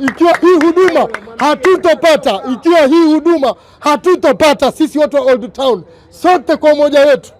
Ikiwa hii huduma hatutopata, ikiwa hii huduma hatutopata, sisi watu wa Old Town sote kwa umoja wetu,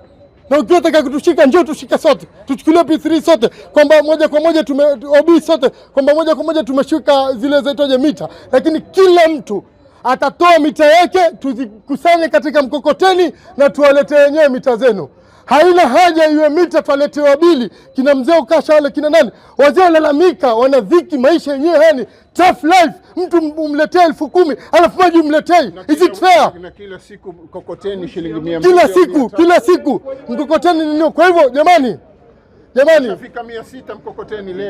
na ukiwa taka kutushika njoo tushike sote, tuchukulie P3 sote, kwamba moja kwa moja tume OB sote, kwamba moja kwa moja tumeshika zile zaitwaje mita, lakini kila mtu atatoa mita yake, tuzikusanye katika mkokoteni na tuwaletee wenyewe mita zenu haina haja iwe mita twaletewa bili, kina mzee ukasha wale kina nani, wazee walalamika, wana dhiki maisha yenyewe, yani tough life. Mtu umletee elfu kumi alafu maji umletei, is it fair? Kila siku mkokoteni shilingi mia kila siku kila siku mkokoteni nini Kwa hivyo jamani Jamani,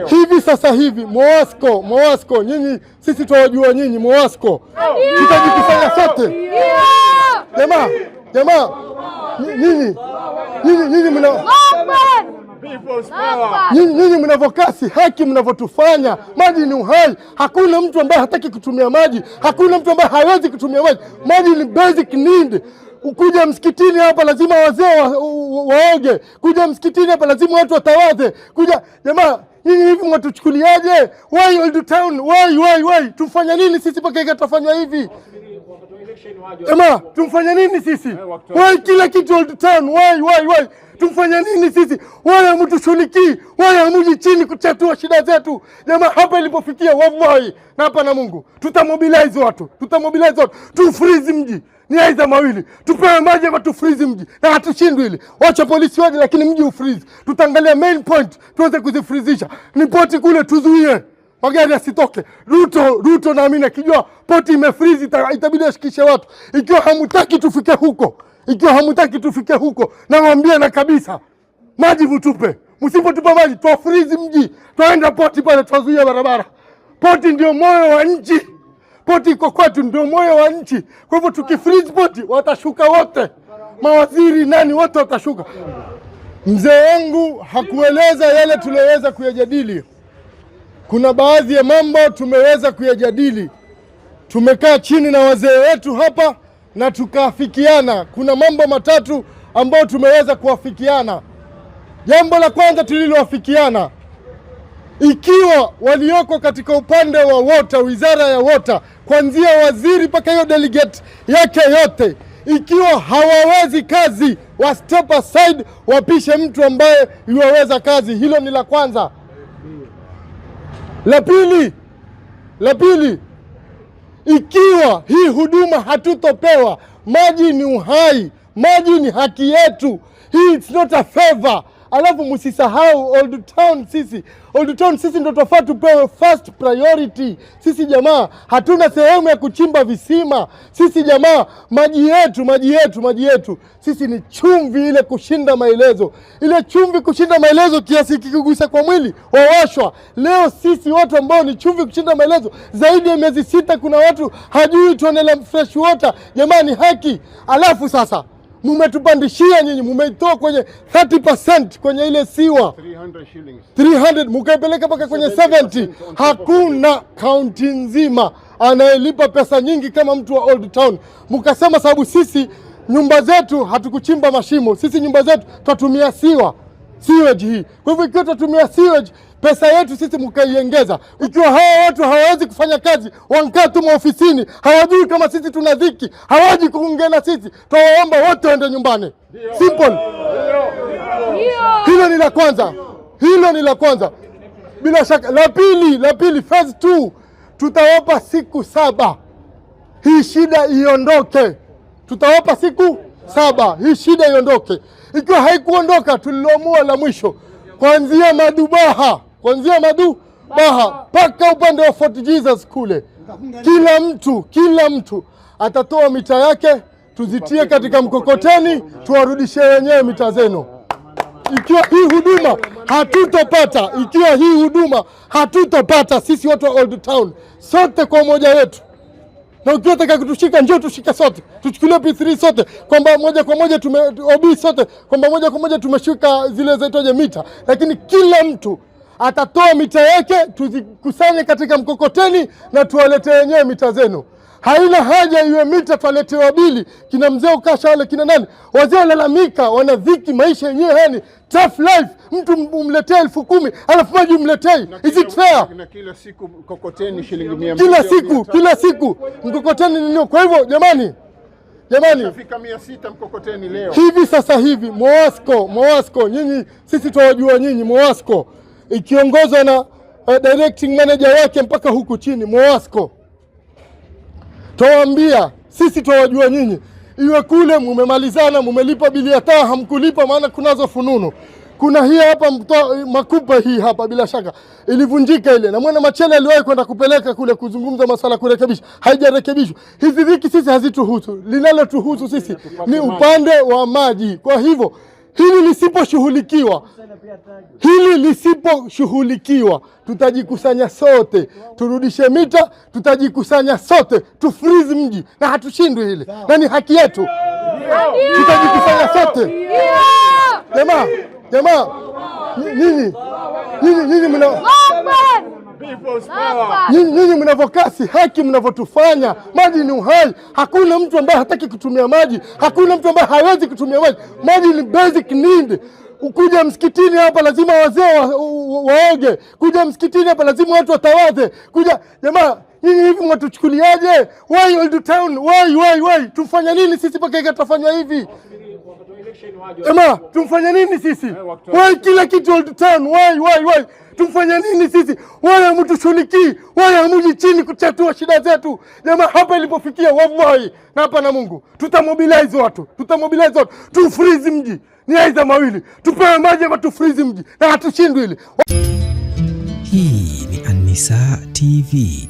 hivi sasa hivi Moasco, Moasco nyinyi, sisi twawajua nyinyi Moasco, tutajikusanya sote jamaa, jamaa nyinyi Nyinyi mnavyokasi haki mnavyotufanya, maji ni uhai. Hakuna mtu ambaye hataki kutumia maji, hakuna mtu ambaye hawezi kutumia maji. Maji ni basic need. Kuja msikitini hapa lazima wazee waoge, kuja msikitini hapa lazima watu watawaze. kuja jamaa Nyinyi hivi mwatuchukuliaje? Why old town? Why, why, why? Tufanya nini sisi mpaka ikatafanywa hivi? Jamaa tumfanya nini sisi? Wai kila kitu old town, wai wai wai. Tumfanya nini sisi? Wai hamutushughulikii, wai hamuji chini kuchatua shida zetu. Jamaa hapa ilipofikia wallahi na hapa na Mungu. Tutamobilize watu, tutamobilize watu. Tufreeze mji. Ni aiza mawili. Tupewe maji ama tufreeze mji. Na hatushindwi hili. Wacha polisi waje lakini mji ufreeze. Tutaangalia main point tuweze kuzifrizisha. Ripoti kule tuzuie. Magari asitoke. Ruto, Ruto na mimi nakijua poti imefrizi itabidi ashikishe watu. Ikiwa hamutaki tufike huko, ikiwa hamutaki tufike huko, namwambia na kabisa, maji mtupe. Msipotupa maji twafrizi mji, twaenda poti pale, twazuia barabara. Poti ndio moyo wa nchi, poti iko kwetu, ndio moyo wa nchi. Kwa hivyo tukifrizi poti watashuka wote, mawaziri nani, wote watashuka. Mzee wangu hakueleza yale tuliyoweza kuyajadili kuna baadhi ya mambo tumeweza kuyajadili. Tumekaa chini na wazee wetu hapa na tukaafikiana, kuna mambo matatu ambayo tumeweza kuafikiana. Jambo la kwanza tuliloafikiana, ikiwa walioko katika upande wa wota, wizara ya wota, kuanzia waziri mpaka hiyo delegate yake yote, ikiwa hawawezi kazi wa step aside, wapishe mtu ambaye yuwaweza kazi. Hilo ni la kwanza. La pili, la pili, ikiwa hii huduma hatutopewa, maji ni uhai, maji ni haki yetu. Hii it's not a favor alafu msisahau Old Town. Sisi Old Town sisi ndo tofaa tupewe first priority. Sisi jamaa hatuna sehemu ya kuchimba visima. Sisi jamaa maji yetu maji yetu maji yetu sisi ni chumvi ile kushinda maelezo, ile chumvi kushinda maelezo, kiasi kikigusa kwa mwili wawashwa. Leo sisi watu ambao ni chumvi kushinda maelezo, zaidi ya miezi sita, kuna watu hajui tone la fresh water. Jamaa ni haki. Alafu sasa mumetupandishia nyinyi, mumeitoa kwenye 30% kwenye ile siwa 300 300 mukaipeleka mpaka kwenye 70. Hakuna kaunti nzima anayelipa pesa nyingi kama mtu wa Old Town. Mukasema sababu sisi nyumba zetu hatukuchimba mashimo, sisi nyumba zetu tutatumia siwa sewage hii. Kwa hivyo ikiwa tutatumia sewage pesa yetu sisi mkaiengeza. Ikiwa hawa watu hawawezi kufanya kazi, wankaa tu maofisini, hawajui kama sisi tuna dhiki, hawaji kuongea na sisi, twawaomba wote waende nyumbani. Simple, hilo ni la kwanza, hilo ni la kwanza. Bila shaka, la pili, la pili, phase 2 tutawapa siku saba hii shida iondoke. Tutawapa siku saba hii shida iondoke. Ikiwa haikuondoka, tuliloamua la mwisho kuanzia madubaha kuanzia Madu Baha mpaka upande wa Fort Jesus kule, kila mtu kila mtu atatoa mita yake, tuzitie katika mkokoteni, tuwarudishie wenyewe mita zenu. Ikiwa hii huduma hatutopata, ikiwa hii huduma hatutopata, sisi watu wa Old Town sote kwa umoja wetu na taka kutushika njoo tushike sote, tuchukulie P3 sote, kwamba moja kwa moja tume OB sote, kwamba moja kwa moja tumeshika zile zaitoje mita, lakini kila mtu atatoa mita yake tuzikusanye katika mkokoteni na tuwaletee wenyewe mita zenu. Haina haja iwe mita twaletewa bili, kina mzee ukasha wale kina nani, wazee walalamika, wana dhiki, maisha yenyewe yani tough life. Mtu umletee elfu kumi alafu maji umletei, is it fair? kila siku mkokoteni shilingi mia kila siku, kila siku mkokoteni nini? Kwa hivyo jamani Jamani, mkokoteni leo hivi sasa hivi Moasco, Moasco nyinyi, sisi twawajua nyinyi Moasco ikiongozwa na uh, directing manager wake mpaka huku chini Mwasco. Tawaambia sisi tawajua nyinyi, iwe kule mumemalizana, mumelipa bili ya taa, hamkulipa, maana kunazo fununu. Kuna hii hapa mto, Makupa hii hapa bila shaka ilivunjika ile, na mwana Machele aliwahi kwenda kupeleka kule kuzungumza masuala kurekebisha, haijarekebishwa. Hivi viki sisi hazituhusu, linalotuhusu sisi ni upande wa maji, kwa hivyo hili lisiposhughulikiwa, hili lisiposhughulikiwa, tutajikusanya sote, turudishe mita, tutajikusanya sote, tufrizi mji na hatushindwi hili, na ni haki yetu, tutajikusanya sote. Jamaa jamaa, nini nini nini mna Nyinyi mnavyokasi haki mnavyotufanya, maji ni uhai. Hakuna mtu ambaye hataki kutumia maji, hakuna mtu ambaye hawezi kutumia maji. Maji ni basic need. Kuja msikitini hapa lazima wazee waoge, kuja msikitini hapa lazima watu watawaze. kuja jamaa Nyinyi hivi mwatuchukuliaje? Why old town? Why why why? Tufanya nini sisi mpaka ikatafanywa hivi? Jamaa tumfanye nini sisi? Eh, wai kila kitu old town, wai wai wai, tumfanye nini sisi? Wale hamtushughulikii, wale hamuji chini kuchatua shida zetu. Jamaa hapa ilipofikia, wallahi na hapa na Mungu, tutamobilize watu, tutamobilize watu, tufrizi mji, ni aidha mawili, tupewe maji ama freeze mji, na hatushindwi hili. Hii ni Anisa TV.